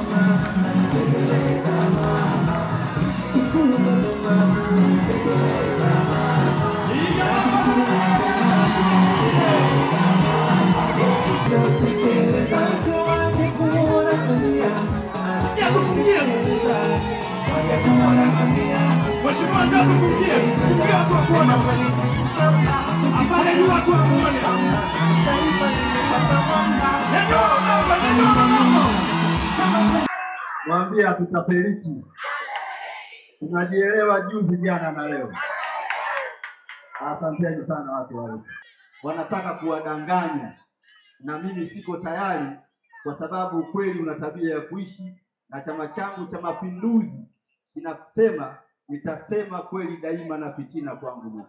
Mheshimiwa Jaji mbugie, mbugie watu wakuone. Apale ni watu wakuone. Mwambie hatutapeliki. Tunajielewa juzi, jana na leo. Asanteni sana watu wa wanataka kuwadanganya, na mimi siko tayari, kwa sababu ukweli una tabia ya kuishi, na chama changu cha Mapinduzi kinasema nitasema kweli daima, na fitina kwangu mimi.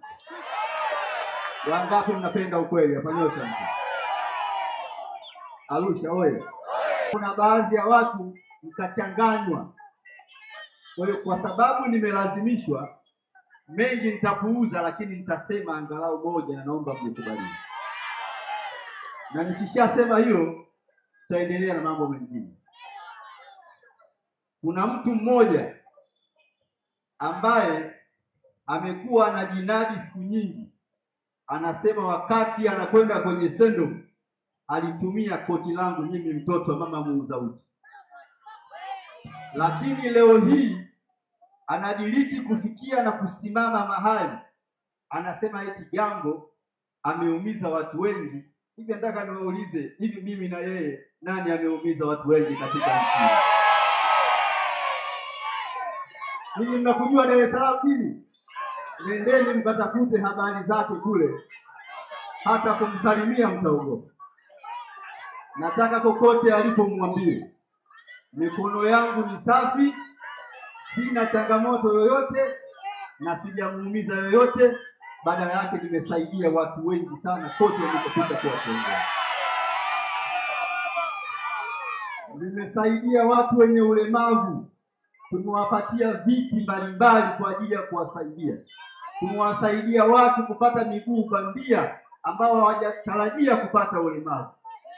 Wangapi mnapenda ukweli? Afanyosha Arusha oye! Kuna baadhi ya watu mtachanganywa. Kwa hiyo kwa sababu nimelazimishwa, mengi nitapuuza, lakini nitasema angalau moja, na naomba mnikubalie, na nikishasema hilo tutaendelea na mambo mengine. Kuna mtu mmoja ambaye amekuwa na jinadi siku nyingi, anasema wakati anakwenda kwenye sendoff alitumia koti langu, mimi mtoto wa mama muuza uji lakini leo hii anadiriki kufikia na kusimama mahali anasema eti Gambo ameumiza watu wengi. Hivi nataka niwaulize, hivi mimi na yeye nani ameumiza watu wengi katika nchi hii? Mnakujua Dar es Salaam hii, nendeni mkatafute habari zake kule, hata kumsalimia mtaogopa. Nataka kokote alipomwambia mikono yangu ni safi, sina changamoto yoyote na sijamuumiza yoyote. Badala yake nimesaidia watu wengi sana kote nilipopita kuwatembea. Nimesaidia watu wenye ulemavu, tumewapatia viti mbalimbali kwa ajili ya kuwasaidia. Tumewasaidia watu kupata miguu bandia ambao hawajatarajia kupata ulemavu.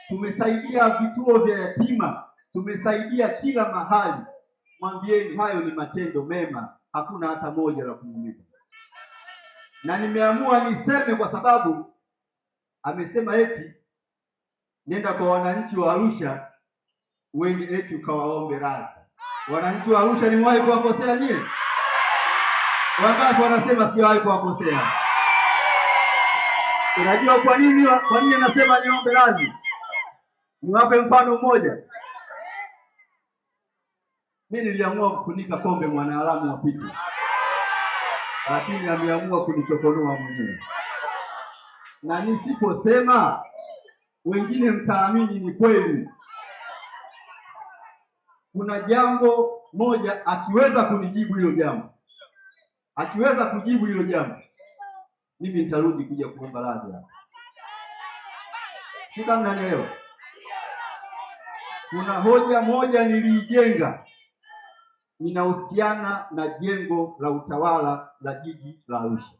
Tumesaidia vituo vya yatima Tumesaidia kila mahali, mwambieni hayo ni matendo mema, hakuna hata moja la kumuumiza. Na nimeamua niseme kwa sababu amesema eti nenda kwa wananchi wa Arusha wengi eti ukawaombe radhi. Wananchi wa Arusha nimewahi kuwakosea nyie? Wangapi wanasema sijawahi kuwakosea? Unajua kwa nini, kwa nini nasema niombe radhi? Niwape mfano mmoja mi niliamua kufunika kombe mwanaalamu wapite, lakini ameamua kunichokonoa mwenyewe, na nisiposema wengine mtaamini ni kweli. Kuna jambo moja, akiweza kunijibu hilo jambo, akiweza kujibu hilo jambo, mimi nitarudi kuja kuomba radhi hapa, si Kuna hoja moja niliijenga inahusiana na jengo la utawala la jiji la Arusha.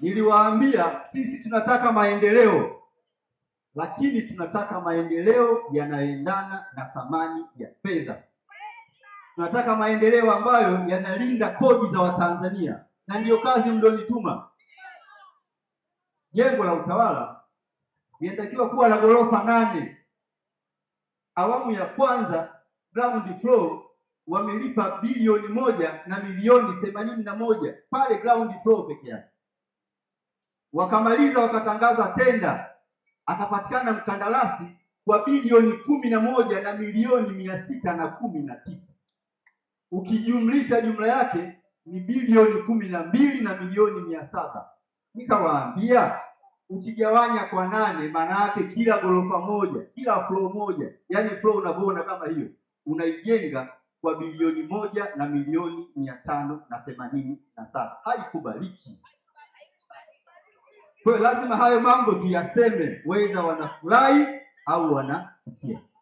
Niliwaambia sisi tunataka maendeleo, lakini tunataka maendeleo yanayoendana na thamani ya fedha. Tunataka maendeleo ambayo yanalinda kodi za Watanzania, na ndiyo kazi mlionituma. Jengo la utawala linatakiwa kuwa la ghorofa nane. Awamu ya kwanza ground floor wamelipa bilioni moja na milioni themanini na moja pale ground floor peke yake. Wakamaliza wakatangaza tenda, akapatikana mkandarasi kwa bilioni kumi na moja na milioni mia sita na kumi na tisa ukijumlisha jumla yake ni bilioni kumi na mbili na milioni mia saba Nikawaambia ukigawanya kwa nane, maana yake kila ghorofa moja, kila floor moja, yani floor unavyoona kama hiyo unaijenga kwa bilioni moja na milioni mia tano na themanini na saba. Haikubaliki. Kwa hiyo lazima hayo mambo tuyaseme, wedha wanafurahi au wanachukia.